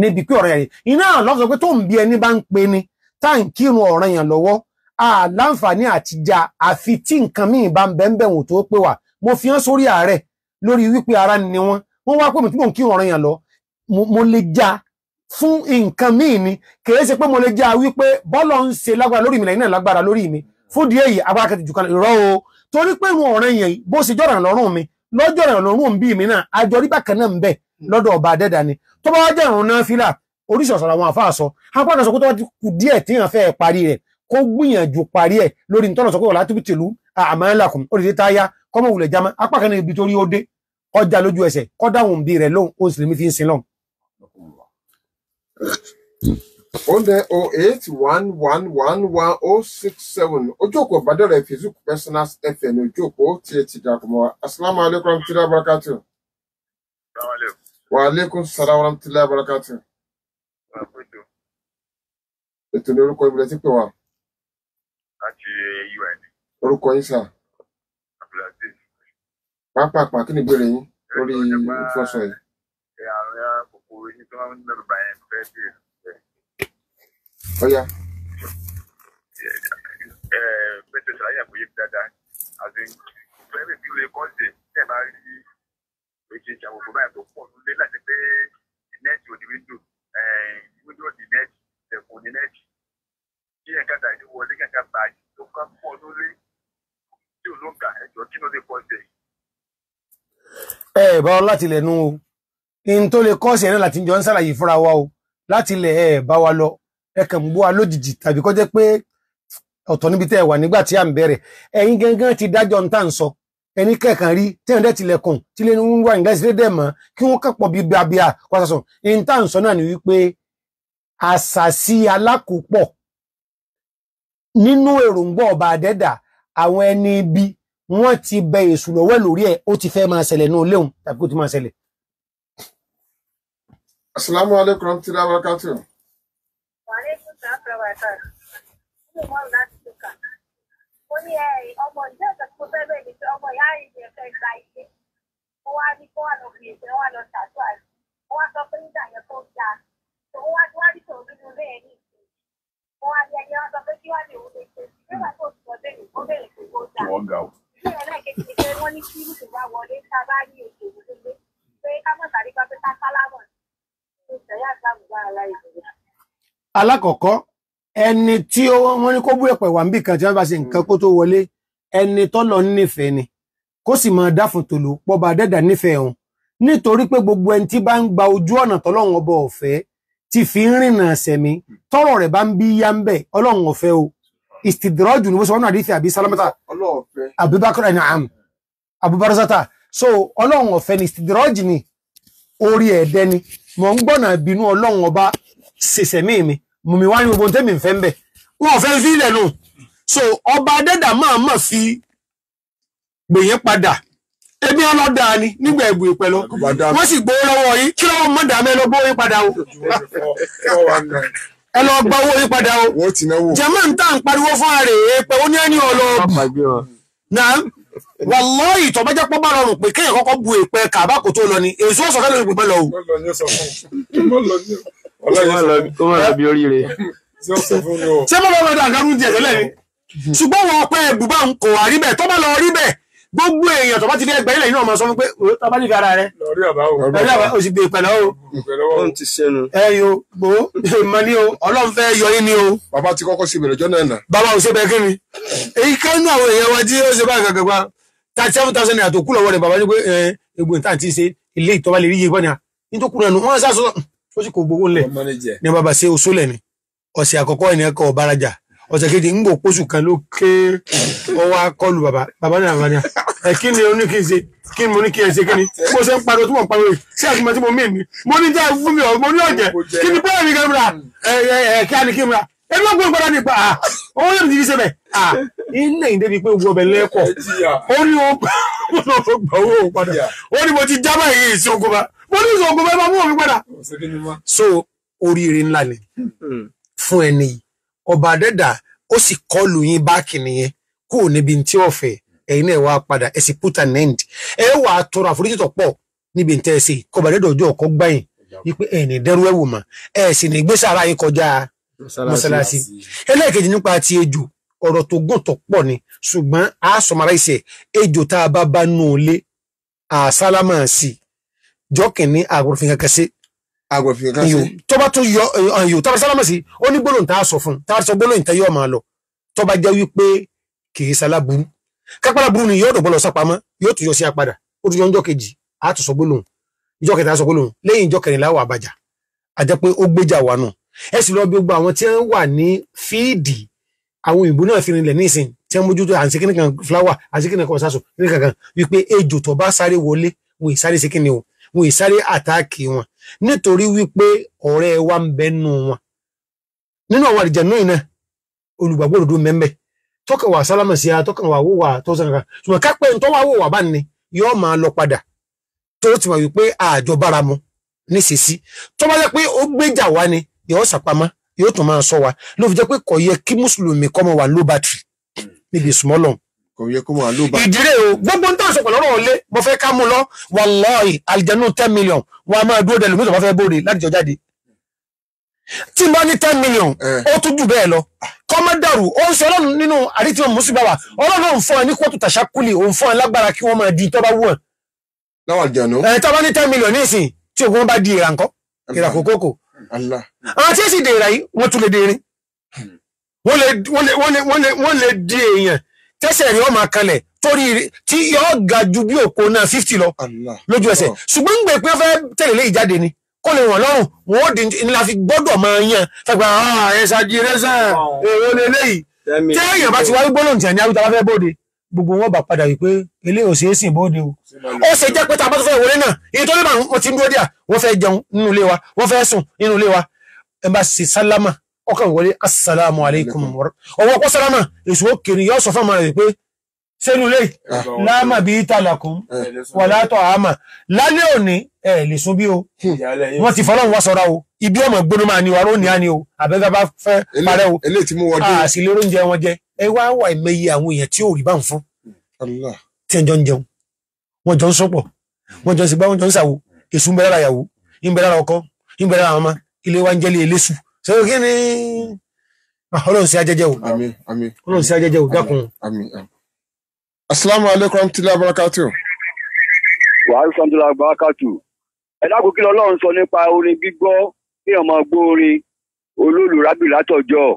níbi pé ọ̀rọ̀ yẹn iná lọ́sọ̀ pé tó ń bí ẹni bá ń pe ni tá à ń kírun lọ́wọ́ àláǹfààní àtijá àfi tí nǹkan míì bá ń bẹ́ẹ̀ wò tó pé wà mo fi hàn sórí ààrẹ lórí wípé ara ni wọn wọn wá pé mi tí mò ń kírun ọ̀ràn yẹn lọ mo lè já fún nǹkan míì ni kìí ṣe pé mo lè já wípé bọ́lọ̀ ń ṣe lágbára lórí mi lẹ́yìn náà lágbára lórí mi fún díẹ̀ yìí agbára kẹtìjú kan ìrọ́ o torí pé ìrun ọ̀ràn yẹn bó ṣe jọ́ràn lọ́rùn mi lọ́jọ́ ìrìn lọ́rùn ń bí mi náà àjọ rí bákan náà ń bẹ̀ hmm. lọ́dọ̀ ọba àdẹ́dà ni tó bá wájà ìrùn náà fílà oríṣi ọ̀sán àwọn àfáà sọ apá náà sọ pé tó bá ti kù díẹ̀ tí èèyàn fẹ́ parí rẹ̀ kó gbìyànjú parí ẹ̀ lórí nítorí sọ pé wọ́n látúbí tìlú àmàlàkùn oríṣi táyà kọ́mọ wùlẹ̀ jámá apá kan ibi tó rí ó dé kọjá lójú ẹsẹ̀ kọ́ dáhùn bí rẹ̀ lóhùn ó sì fi ń sin lọ́hùn. 09081111067 ojókòó ìbádọ́rẹ̀ facebook personal fm ojókòó tí ẹ ti dàgbọ́n wa asalaamu alaykum rahmatulahi barakatu. wa aleykum salaam wa rahmatulahi barakatu. ètò ní orúkọ ìbílẹ̀ tí pè wá. láti un. orúkọ yín sà. abdulaziz. pápákpá kí ni ìbéèrè yín lórí ìfọsọ yìí. àwọn kòkòrò yín tó máa ń dẹrù bàyẹn fẹ́ẹ́ bèèrè oh yeah sọ̀rọ̀ àyàkó yé mi dáadáa àti fẹ́rẹ̀ bí olè kọ́ ṣe ẹ̀ máa rí méjì àwòkọ́ báyìí tó pọ̀ nílé láti pé nẹ́ẹ̀tì òní wíńdò wíńdò òní nẹ́ẹ̀tì ẹ̀kọ́ òní nẹ́ẹ̀tì kí ẹ̀ka tàbí wọlé kẹ̀kẹ́ bàjẹ́ tó ká pọ̀ lórí tí ò ló ń kà ẹ̀jọ́ kí ló lè kọ́ ṣe. ẹ ẹ bá ọ láti lẹnu o n tó lè kọ́ ṣe náà láti jọ ń ṣàlàyé fúnra wa o láti lẹ ẹ wa lọ ẹ kàn ń bú wa lójijì tàbí kó jẹ́ pé ọ̀tọ̀ níbi tẹ́ ẹ wà nígbà tí à ń bẹ̀rẹ̀ ẹ̀yin gangan ti dájọ́ ń tà ń sọ ẹni kẹ̀kan rí tẹ́yìn dẹ́ tilẹ̀kùn tí lè ń wá ìgbà ìṣẹ́lẹ̀ mọ́ kí wọ́n kàpọ̀ bíi bíabíà pàṣẹsọ̀ ẹni tà ń sọ náà ni wípé àṣàṣì alákòópọ̀ nínú èròǹgbà ọba àdẹ́dà àwọn ẹni ibi wọ́n ti bẹ èṣù lọ́wọ́ lórí ẹ̀ ó ti fẹ́ máa ṣẹlẹ̀ náà léhùn tàbí kó ti máa ṣẹlẹ̀. asalaamualeykum tí dábàá kátó mo ní ẹ eh, ọmọ ìjọ ìjọ tí mo fẹ́ bẹ́ẹ̀ ni pé ọmọ ìyá ìjẹ fẹ́ gba ilé ó wá ní kó wà lọ fi èdè wà lọ tàtó àìsí ó wá sọ pé nígbà yẹn tó ga tó wá wá rí tòun nínú ilé ẹ ní ìsìn ó wá ní ẹni wọn sọ pé kí wà ní òun lè ṣe nígbà tó ti sọ bẹ́ẹ̀ ó bẹ̀rẹ̀ pé ó ga ilé ẹ̀ náà kejì ni pé wọ́n ní kí ìlú wa wọlé tá a bá ní èdè ìdílé pé ká mọ̀ tàbí pé ká sálámọ̀ ní ìṣẹ̀yà àgbà àlàkọ̀kọ́ ẹni tí wọ́n ní kó búrẹ̀pẹ̀ wà níbì kan tí wọ́n bá ṣe nǹkan kó tó wọlé ẹni tọ́lọ nífẹ̀ẹ́ ni kó sì máa dáfun tòló pọ́ba dẹ́dà nífẹ̀ẹ́ òun nítorí pé gbogbo ẹni tí bá ń gba ojú ọ̀nà tọ́lọ́run ọba ọ̀fẹ́ ti fi ń rìnà sẹ̀mí tọ́rọ̀ rẹ̀ bá ń bí yá ń bẹ̀ ọlọ́run ọ̀fẹ́ o ìsìtìdìrọ́jù ni wọ́n sọ wọn àdìsí àbí sálámẹ́tà abubakar ẹ̀nàm abubarazata so ọlọ́run ọ̀fẹ́ ni ìsìtìdìrọ́jù ni orí ẹ̀dẹ́ ni mọ̀ ń gbọ́nà ìbínú ọlọ́run ọba ṣẹ̀ṣẹ̀mí mi mùmí wá ní gbogbo tẹ́mi fẹ́ ń bẹ̀ wọn ò fẹ́ fi ilẹ̀ nù so ọba adẹ́dà máa mọ̀ fi gbèyẹn padà ebi ọlọ dáa ni nígbà ẹ̀bù ìpẹ̀lọ wọ́n sì gbowó lọ́wọ́ yín kí lọ́wọ́ mọ̀ dàmẹ́ lọ gbowó yín padà o ẹ lọ gba owó yín padà o jẹ́mọ́ ń tà ń pariwo fún ààrẹ èèpẹ̀ ó ní ẹni ọ̀lọ́ náà wàlọ́ọ̀yì tó bá jẹ́ pọ́ bá rọrùn pé kéèyàn kọ́kọ́ bu èèpẹ̀ kàbá kò tó lọ ni èso ọ̀sọ̀ fẹ́ lórí pípẹ́ lọ o kó má lọ bí oríire. ṣé mo lọ́ọ́ lọ́dà nǹkan oúnjẹ tẹ́lẹ̀ ni ṣùgbọ́n wọn ọpẹ́ bùbá ń kò wá rí bẹ́ẹ̀ tó bá lọ rí bẹ́ẹ̀ gbogbo èèyàn tó bá ti dé ẹgbẹ́ ilẹ̀ yìí náà máa sọ fún pé òwe tó bá nífẹ̀ẹ́ ara rẹ lọ́rí àbá o sì gbé e ìpẹ̀lẹ́ o ó ti ṣẹnu ẹyọ gbò mọ ní o ọlọ́run fẹ́ yọ yín ni o. bàbá ti kọ́kọ́ ṣe ìbẹ̀rẹ̀ ọjọ́ náà nà. bàbá ò ni èyí kan nínú àwọn èèyàn wa tí ó ṣe báyìí kankan pa thirty seven thousand naira tó kú lọ́wọ́ rẹ̀ bàbá ní pé ó sì kó gbogbo ńlẹ̀ ní bàbá ṣe oṣó lẹ̀ ni ọ̀sẹ̀ àkọ́kọ́ ìní ẹ̀kọ́ ọ̀bárajà ọ̀sẹ̀ kejì ń gbò pósù kan ló ké ọwọ́ akọlù bàbá bàbá ní àbáni ẹ kí ni o ní kí n ṣe kí ni mo ní kí n ṣe kí ni mo ṣe ń pariwo tí mo ń pariwo yìí sí àtúmọ̀ tí mo mí ni mo ní jẹ́ fún mi mo ní ọ̀jẹ̀ kí ni bọ́ọ̀lù mi kẹ́mìrà ẹ ẹ kí á ní kí ẹni wọ́n gbọ́n gbọ́dá ní ipa owó yóò ti fi ṣe ìdè ni pé gbọ́ ọbẹ̀ lẹ́kọ̀ọ́ ó ní o gbà owó padà ó ní mo ti jábọ̀ èyí ìṣókòó mo ní ìṣògùn bẹ́ẹ̀ máa mú òun padà. so oríire ńlá ni hmm. fún ẹni yìí ọba àdẹ́dà ó sì kọlù yín báàkì nìyẹn kú níbi tí ọ̀fẹ́ ẹ̀yin náà wá padà ẹ̀ sì put an end ẹ̀ wàá tọrọ àforíjì tó pọ̀ níbi tẹ́ ẹ ṣe kọba àdẹ́dà ọjọ́ ọkọ gbàyìn wípé ẹ̀ ní dẹ́rú ẹ̀wò mà ẹ̀ sì ní gbèsè ara yín kọjá mọ́sálásí ẹlẹ́ẹ̀kejì nípa ti ejò ọ̀rọ̀ tó gùn tó pọ̀ ni ṣùgbọ́n a sọmara ìṣe ejò tá a bá bá nù ú lé àsálámà sí i jọ kìíní àgùrò fi kankan sí. àgùrò fi kankan sí. tó bá tún yọ ìyó tó bá sálámà sí ó ní gbólóhùn tá a sọ fún un tá a sọ gbólóhùn tá yóò máa lọ tó bá jẹ́ wípé kìí sálábùrú kápálá ni yóò dọ̀gbọ́n lọ sápamọ́ yóò tún yọ sí apadà ó tún yọ ọjọ́ kejì á tún sọ gbólóhùn ìjọ kẹta sọ gbólóhùn lẹ́yìn ìjọ kẹrìnlá wà bàjá àjẹ́ pé ó gbéjà wà nù ẹ sì lọ gbogbo àwọn tí wọ́n àwọn òyìnbó náà fi rinlẹ̀ nísìn tí wọ́n mójútó àǹsí kíní kan fúláwà àǹsí kíní kan ọ̀sásùn kíní kankan wípé ejò tó bá sáré wọlé wọn ì sáré sí kíní o wọn ìsáré atakị wọn nítorí wípé ọrẹ wa ń bẹ nù wọn nínú àwọn àdìjànú náà olùgbàgbọ́ òdodo mẹ́mbẹ́ tọkàn wà sálámà sí a tọkàn wà wòwà tó sàn kan ṣùgbọ́n kápẹ́ ń tọ́wọ́ wòwà lọ padà tó ti wípé àjọ bára mu pé ó gbéjà ni yóò yóò tún máa sọ wa pé kò yẹ kí mùsùlùmí kọ́ mọ wà kò yẹ kó máa ló bá. ìdílé o gbogbo ń tàn sọ̀kọ̀ lọ́rọ̀ ọ̀lẹ́ mo fẹ́ ká mú lọ wàláì àlìjẹnú ten million wọn a máa dúró dẹ̀lú mi tó bá fẹ́ bóde láti jọ jáde. tí n bá ní ten million eh. ó tún jù bẹ́ẹ̀ lọ kọ́mọ́dàrú ó ń sọ ọlọ́run nínú àdìtí wọn mùsùlùmí bàbà ọlọ́run ò ń fọ ẹ ní kóòtù tàṣákùlì ò ń fọ ẹ lágbára kí wọ́n máa di tọ́ba wù ẹ̀. láwọn àjànú. ẹ tọ́ba ní ten million nísìn tí ogun bá di ìrànkọ́ ìràkókòkò. àwọn tí ó sì dèrà yìí wọ́n tún lè dèrè wọ́n lè di èèyàn tẹ́sẹ̀ rẹ̀ ọmọ akalẹ̀ torí tí yọ ga ju bí òkò náà fifty lọ lójú ẹsẹ̀ ṣùgbọ́n gbé pé fẹ́ tẹ̀lé lé ìjáde ni kó lè ràn lọ́rùn wọn ó di ńlá fi gbọ́dọ̀ máa yan fẹ́gbà ah, ẹ̀ṣà di rẹ́sẹ̀ èrò lélẹ́yìí tẹ́yìn bá ti wáyé gbọ́dọ̀ nìyẹn ní àwùjọ bá fẹ́ bóde gbogbo wọn bá padà wípé ilé ò ṣeé sìn bóde o ó ṣe jẹ́ pé tàbá tó fẹ́ wọlé náà èyí tó lè máa wọ́n ti ń dúró díà wọ́n fẹ́ jẹun nínú ilé wa wọ́n fẹ́ sùn nínú ilé wa ẹ bá ṣe sálámà ọkàn wọlé assalamu alaikum ọwọ́ kó sálámà èsù ó kiri yọ́ sọ fún ọmọ rẹ̀ pé sẹ́nu ah. ah. lè láàmà bí tàlàkùn wà látọ̀ àmà lálẹ́ òní ẹ̀ lè bí o hmm. wọ́n ti fọ́lọ́run wá sọ́ra o ibi ọmọ gbónú máa ní wa ró á ní o àbẹ́gá bá fẹ́ parẹ́ o àṣì lérò oúnjẹ wọn jẹ ẹ wá wà ìmẹyẹ àwọn èèyàn tí ò rí bá ń fún tí ẹjọ ń jẹun wọn jọ ń sọpọ̀ wọn jọ ń sàwo èṣù ń bẹ lára ìyàwó ń bẹ lára ọkọ ń bẹ lára ọmọ ilé wa ń jẹ́lé eléṣù so kí ni ọlọ́run sí ajẹ́jẹ́ o àmín àmín ọlọ́run sí ajẹ́jẹ́ o dákun. àmín àmín. asalaamu aleykum warahmatullahi wabarakatuh. wa aleykum warahmatullahi wabarakatuh. ẹ dákun kí lọ́lọ́run sọ nípa orin gbígbọ́ kí ọmọ gbọ́ orin olólùrábì látọ̀jọ́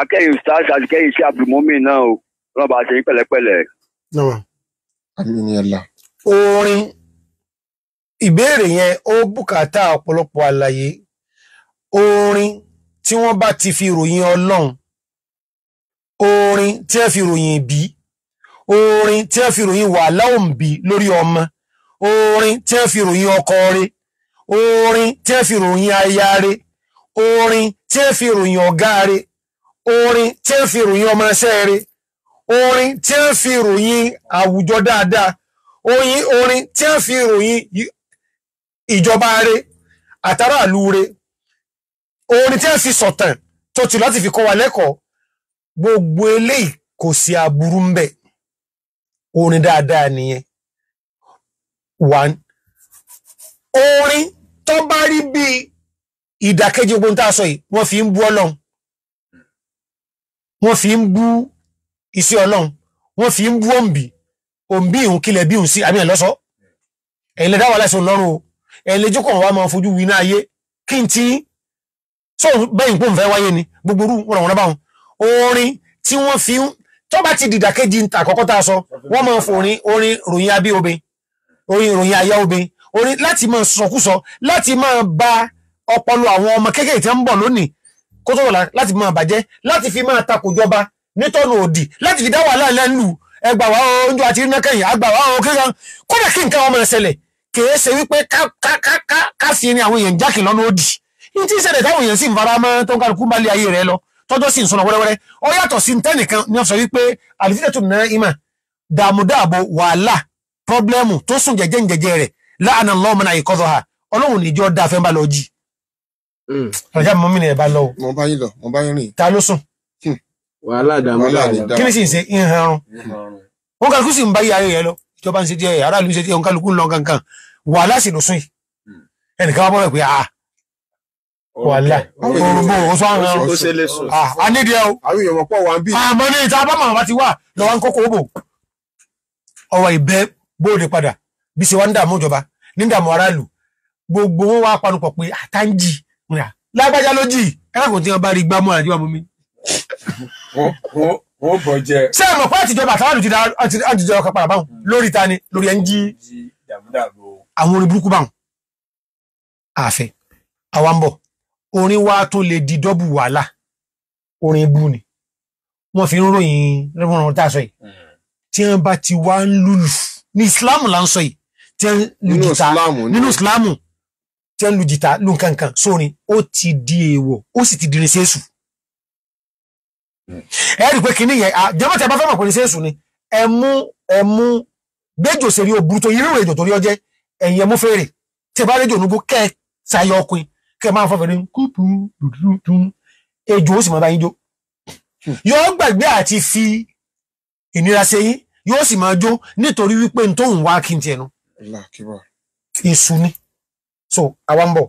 akẹ́yìn stars àti kẹ́yìn sí abdulmumi náà o ọlọ́run bá ṣe ní pẹ̀lẹ́pẹ̀lẹ́. orin ìbéèrè yẹn ó bùkátà ọ̀pọ̀lọpọ̀ àlàyé orin tí wọ́n bá ti fi ròyìn ọlọ́run orin tí ẹ fi ròyìn ìbí orin tí ẹ fi ròyìn wàhálà òǹbí lórí ọmọ orin tí ẹ fi ròyìn ọkọ rẹ orin tí ẹ fi ròyìn aya rẹ orin tí ẹ fi ròyìn ọ̀gá rẹ orin tí ẹ fi ròyìn ọmọọṣẹ́ rẹ orin tí ẹ fi ròyìn àwùjọ dáadáa orin tí ẹ fi ròyìn ìjọba rẹ àtàràlú rẹ orin tí a fi sọ̀tàn tó ti láti fi kọ́ wa lẹ́kọ̀ọ́ gbogbo eléyìí kò sí aburú ń bẹ̀ orin dáadáa nìyẹn one orin tó bá rí bí ìdàkejì ogun tá a sọ yìí wọ́n fi ń bú ọlọ́run wọ́n fi ń bú iṣẹ́ ọlọ́run wọ́n fi ń bú òǹbì òǹbì ìhùn kílẹ̀ bí òun sí àmì ẹ̀lọ́sọ́ ẹ̀yìn lẹ́dáwà lọ́rùn o ẹ̀yìn máa fojú wí náà ayé kí n ti so bẹ́yìn pò ń fẹ́ wáyé ni gbogbo orú wọn àwọn ọ̀nàbáwọn orin tí wọ́n fi ń tó bá ti dìdàkejì ń ta àkọ́kọ́ tá a sọ wọ́n máa ń fò orin orin ròyìn abí obe orin ròyìn aya obe orin láti máa sọkúsọ láti máa ba ọpọlọ àwọn ọmọ kéékèèké tí ń bọ̀ lónìí kó tó wọ̀lá láti máa bàjẹ́ láti fi máa takò jọba nítọ́nù òdì láti fi dá wàhálà lẹ́nu ẹgbà wá oúnjẹ àti iná kẹyìn àgbà wá oúnjẹ kéèyàn kódà kí nǹkan ọmọ ẹsẹlẹ̀ kèé ṣe wípé ká ká ká ká fi ni àwọn èèyàn jákè lọ́nà òdì ìtí ìṣẹ̀lẹ̀ táwọn èèyàn sì ń fara mọ́ tó ń kálukú bá lé ayé rẹ lọ tọ́jọ́ sì ń sọnà wẹ́rẹ́wẹ́rẹ́ ó yàtọ̀ sí tẹ́nìkan ni wọ́n sọ wípé àlùfíà tó nà ìmọ̀ dààmúdààbò wàhálà pọ́blẹ́mù tó sùn jẹ́jẹ́ jẹ́jẹ́ rẹ̀ láàánà lọ́mọnà ìkọ́sọ̀ ha ọlọ́run níjọ́ dá fẹ́ bá lọ jí. Hmm. ọjà mọ mi ni bá lọ o. bá yín lọ mo bá yín rìn. ta ló sùn. Hmm. wàhálà dààmúdààbò kí ni sì ń ṣe ìhàrùn. wọn kàlùkù sì ń bá yàrá yẹn lọ ìjọba ń ṣe díẹ̀ aráàlú ń ṣe díẹ̀ wàhálà gbogbo oṣù àwọn ah, a nídìí ẹ o àwọn èèyàn pọ̀ wà ń bí. àmọ́ ní ìta abámọ̀ àbá ti wà lọ́wọ́ ń kókó bò ọwọ́ ìbẹ́ bóde padà bí ṣe wá ń dààmú ìjọba ní dààmú aráàlú gbogbo wọn wá panupọ̀ pé àtàǹjì lágbájá ló jì ẹ̀rọ kò tí wọn bá rí gbámú àjọ àmú mi. wọ́n bọ̀ jẹ́. ṣé ẹ mọ̀ pé àtijọba àtàwọn ti da àtijọ́ ọkọ̀ padà báwọn lórí ta ni lórí ẹ̀ jí àwọn orin burúkú báwọn àfẹ́ àwa ń bọ̀ orin wa tún lè di dọ́bù wàhálà orin bú ni wọ́n fi ń ròyìn rẹ́wọ̀n tá a sọ yìí hmm. tí wọ́n bá ti wá ń lùlù ní ìsìláàmù là ń sọ yìí tí wọ́n lu jìtá nínú ìsìláàmù tí wọ́n lu jìtá lu nkankan sórin ó ti di èèwọ̀ ó sì ti dirin sẹ́sù hmm. ẹ rí i pé kínní yẹn jẹ́mọ́ tí a bá fẹ́ mọ̀ pé ní sẹ́sù ni ẹ mú ẹ mú bẹ́jọ́ sẹ́rí o burú tó yẹ́rù rẹ̀ jọ̀ torí ọjẹ́ ẹ̀yìn ẹ mú fèrè tí ẹ bá rẹ́jọ̀ onúgbó kẹ́ẹ̀ sayọ ọkùnrin kẹ máa fọ́fẹ́ ní kúpù dùdùdùn ejò ó sì máa bá yín jó yóò gbàgbé àti fi ìnira ṣe yín yóò sì máa jó nítorí wípé n tó ń wá kí n tiẹ̀ nu èṣù ni so àwa ń bọ̀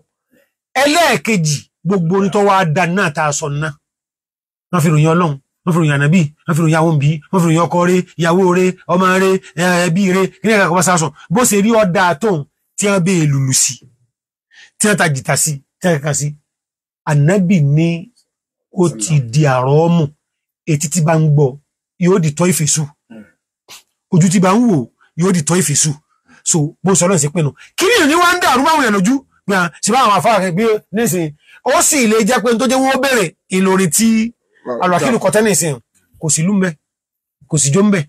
ẹlẹ́ẹ̀kejì gbogbo onítọ́ wa da náà tá a sọ náà wọ́n fi ròyìn ọlọ́run wọ́n fi ròyìn ànábì wọ́n fi ròyìn àwọn òbí wọ́n fi ròyìn ọkọ rẹ̀ ìyàwó rẹ̀ ọmọ rẹ̀ ẹbí rẹ̀ kí ní ẹ̀ka bá sá sọ bó ṣe rí ọ̀dà tóun tí wọ́n bẹ́ẹ̀ lùlù sí tí wọ́n ta jìtà sí ẹ̀ka sí ànábì ní ó ti di àrọ́ọ̀mù etí tí bá ń gbọ́ yóò di tọ́ ìfèsù hmm. ojú tí bá ń wò yóò di tọ́ ìfèsù so bó sọ lọ́sẹ̀ pẹ̀lú kí ni ìrìn wá ń dàrú báwọn èèyàn lójú gbà sí báwọn afárá kẹgbẹ́ nísìnyí ó sì lè jẹ́ pé tó jẹ́ wọ́n bẹ̀rẹ̀ ìlòrin tí alùpàkìlù kọ́tẹ́ nísìnyí kò sí lúmbẹ kò sí jóńbẹ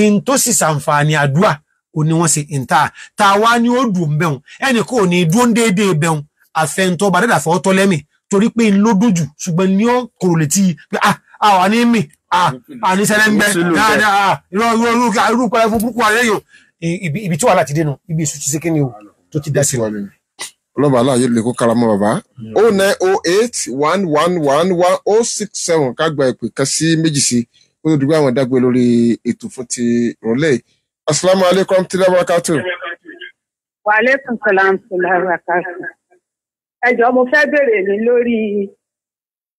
in tó sì sàǹfààní àdúrà ò ní wọ́n ṣe ìntà tá a wá ní ó dùn bẹ́hùn ẹnì kò ní dúró déédéé bẹ́hùn àfẹ́ntọ́ bá dẹ́dà fọ́ tọ́ lẹ́mì torí pé n ló dùn jù ṣùgbọ́n ní ó kòrò létí pé ah, a wà ní mì a ní sẹ́lẹ̀ ń gbẹ́ dáadáa ah, irú pẹ́rẹ́ fún burúkú ayé yòó ibi tí wà láti dénú ibi èso ti ṣe kí ni o tó ti dá sí wa. ọlọ́ba aláàyè lè kó karamọ́ bàbá o oh nine o oh eight one one one one o oh six seven ká gba ìpè kan sí méjì sí kó tó dùgbò àwọn dágbé lórí ètò fún ti rọlẹ́ yìí asalaamualeykum tí lẹ́wọ́n ká wàhálà kùn sọ̀lá ń sọ̀lá rà ká ẹjọ mo fẹ́ bèrè ní lórí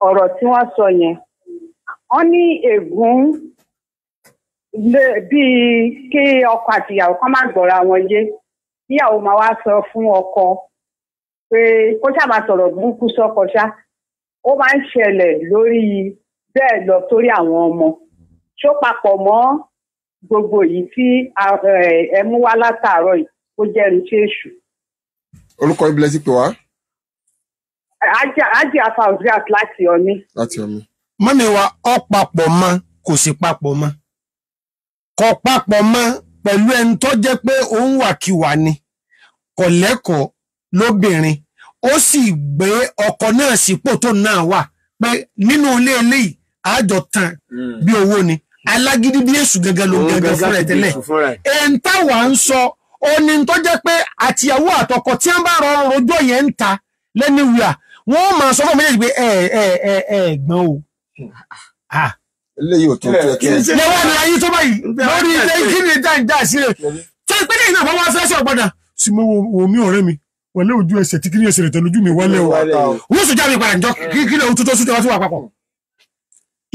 ọ̀rọ̀ tí wọ́n sọ yẹn wọ́n ní ègún bíi kí ọkọ àti ìyàwó kan má gbọ́ra wọn yé ìyàwó máa wá sọ fún ọkọ pé kó sábà sọ̀rọ̀ burúkú sọ́kọ ṣá ó máa ń ṣẹlẹ̀ lórí bẹ́ẹ̀ lọ torí àwọn ọmọ ṣó papọ̀ mọ́ gbogbo yìí tí ẹ mú wá látàárọ̀ yìí ó jẹ́ ẹni tí èṣù. orúkọ ibi lẹ ti wá. afa afáàzíàt láti ọní. láti ọní. mọ́niwa ọ papọ mọ kò sí papọ mọ kọ papọ mọ pẹlú ẹni tó jẹ́ pé òun wàkiwà ni kò lẹ́kọ̀ọ́ lóbìnrin ó sì gbé ọkọ náà sípò tó náà wà pé nínú ilé eléyìí àjọ tán hmm. bí owó ni alágídí bí èṣù gẹ́gẹ́ ló gẹ́gẹ́ fún rẹ̀ tẹ́lẹ̀ ẹ̀ń táwa ń sọ ó ní tó jẹ́ pé àtìyàwó àtọkọ tí wọ́n bá rọrùn rojọ́ yẹn ń ta lẹ́niwìà wọ́n máa sọ fún mi léyìí pé ẹ ẹ ẹ ẹ gbọ́n o. eléyìí ò tó tó tó. ìyẹn wà ní ayé tó báyìí lórí ilé kí ni dá ìdá sílẹ̀ tó ń pẹ́lẹ́ ìnáwó wá fẹ́ sọ̀rọ̀ padà. sì mo wò mí ọ̀rẹ́ mi wọlé ojú ẹsẹ̀ tí kí ni ẹsẹ̀ rẹ̀ tẹ̀lé ojú mi wálé o. wọ́n sọ jáde padà njọ́ kí ni òtútọ́ sùn tẹ́wọ́ sí wà papọ̀.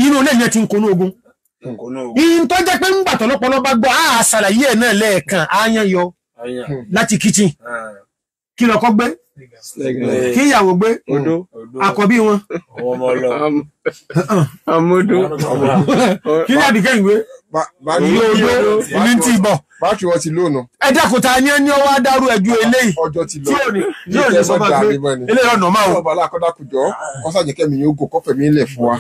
inú ilé yẹn ti ń konú ogun. ìyìn tó jẹ́ pé ńgbà tọ́lọ́pọ́lọ́ bá gbọ́ kí lọkọ gbé kí ìyàwó gbé àkọ́bí wọn amódó kí ní àdìkẹ́ ìwé ìwé odó ní ti bọ̀. báàkì wọn ti lóòna. ẹ dẹ́kun ta ni ẹ ní ọwọ́ adarú ẹjú eléyìí ọjọ́ ti lọ tí ò ní tí ò ní sọ ma pé eléyìí ọ̀nà máa wò. ọba alákọ̀dákùjọ kọ́sàjẹkẹ́ mi yóò gò kọ́fẹ̀ mi lẹ̀ fún wa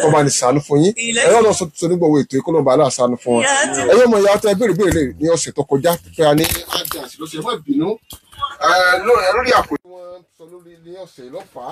kọ́ bá ní sànú fún yín ẹ̀yọ́ náà sọ nígbàwọ̀ ètò ìkọ́nà ọba aláàsánú fún wa ẹ̀yọ́ mọ̀ ìyá ọtá ẹ Eh, lórí àpò. wọ́n sọ lórí ilé ọ̀sẹ̀ lọ́fàá.